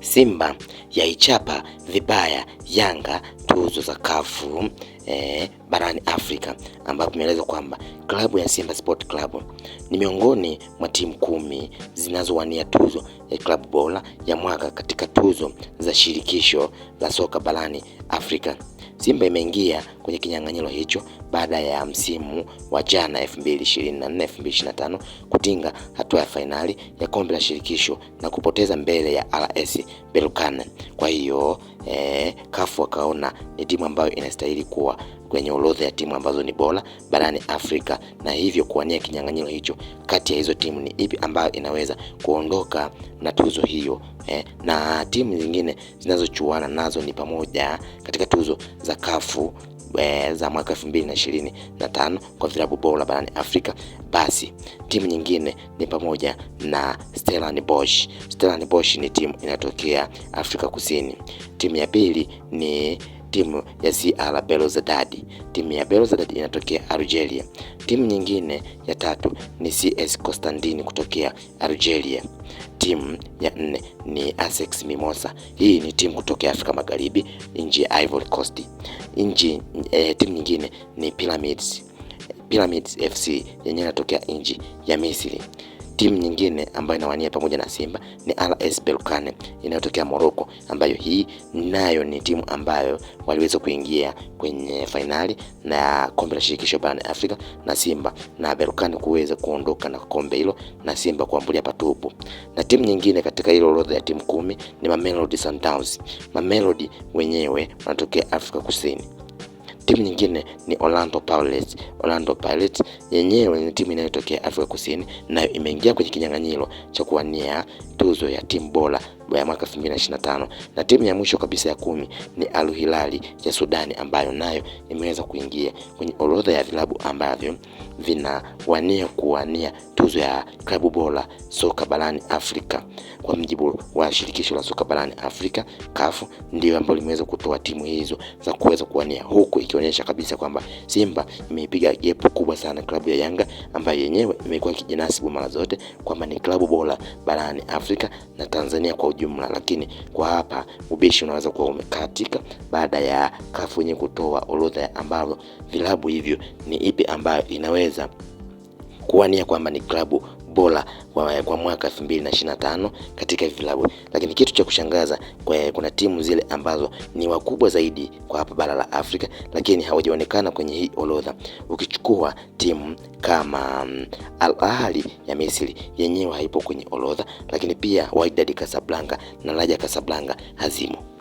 Simba yaichapa vibaya Yanga tuzo za kafu eh, barani Afrika ambapo imeelezwa kwamba klabu ya Simba Sport Club ni miongoni mwa timu kumi zinazowania tuzo ya klabu bora ya mwaka katika tuzo za shirikisho la soka barani Afrika. Simba imeingia kwenye kinyang'anyiro hicho baada ya msimu wa jana 2024 2025 kutinga hatua ya fainali ya kombe la shirikisho na kupoteza mbele ya RS Berkane. Kwa hiyo eh, kafu wakaona ni timu ambayo inastahili kuwa kwenye orodha ya timu ambazo ni bora barani Afrika na hivyo kuwania kinyang'anyiro hicho. Kati ya hizo timu ni ipi ambayo inaweza kuondoka na tuzo hiyo eh? Na timu zingine zinazochuana nazo ni pamoja katika tuzo za kafu e, za mwaka 2025 kwa vilabu bora barani Afrika, basi timu nyingine ni pamoja na Stellenbosch. Stellenbosch ni timu inayotokea Afrika Kusini. Timu ya pili ni timu ya CR Belouizdad. Timu ya Belouizdad inatokea Algeria. Timu nyingine ya tatu ni CS Constantine kutokea Algeria. Timu ya nne ni Asex Mimosa. Hii ni timu kutokea Afrika Magharibi, nje ya Ivory Coast. Nchi eh, timu nyingine ni Pyramids. Pyramids FC yenyewe inatokea nje ya Misri. Timu nyingine ambayo inawania pamoja na Simba ni RS Berkane inayotokea Morocco, ambayo hii nayo ni timu ambayo waliweza kuingia kwenye fainali na kombe la shirikisho barani Afrika na Simba na Berkane kuweza kuondoka na kombe hilo na Simba kuambulia patupu. Na timu nyingine katika hilo orodha ya timu kumi ni Mamelodi Sundowns. Mamelodi wenyewe wanatokea Afrika Kusini. Timu nyingine ni Orlando Pirates. Orlando Pirates yenyewe ni timu inayotokea Afrika Kusini, nayo imeingia kwenye kinyang'anyiro cha kuwania tuzo ya timu bora ya mwaka 2025 na timu ya mwisho kabisa ya kumi ni Al Hilali ya Sudani ambayo nayo imeweza kuingia kwenye orodha ya vilabu ambavyo vinawania kuwania tuzo ya klabu bora soka barani Afrika. Kwa mjibu wa shirikisho la soka barani Afrika CAF, ndio ambalo limeweza kutoa timu hizo za kuweza kuwania, huku ikionyesha kabisa kwamba Simba imeipiga gepu kubwa sana klabu ya Yanga ambayo yenyewe imekuwa kijinasibu mara zote kwamba ni klabu bora barani Afrika na Tanzania kwa ujibu jumla, lakini kwa hapa ubishi unaweza kuwa umekatika baada ya kafu yenye kutoa orodha ya ambavyo vilabu hivyo ni ipi ambayo inaweza kuwania kwamba ni klabu bora kwa, kwa mwaka 2025 katika vilabu. Lakini kitu cha kushangaza kwa, kuna timu zile ambazo ni wakubwa zaidi kwa hapa bara la Afrika lakini hawajaonekana kwenye hii orodha. Ukichukua timu kama um, Al Ahly ya Misri yenyewe haipo kwenye orodha, lakini pia Wydad Casablanca na Raja Casablanca hazimo.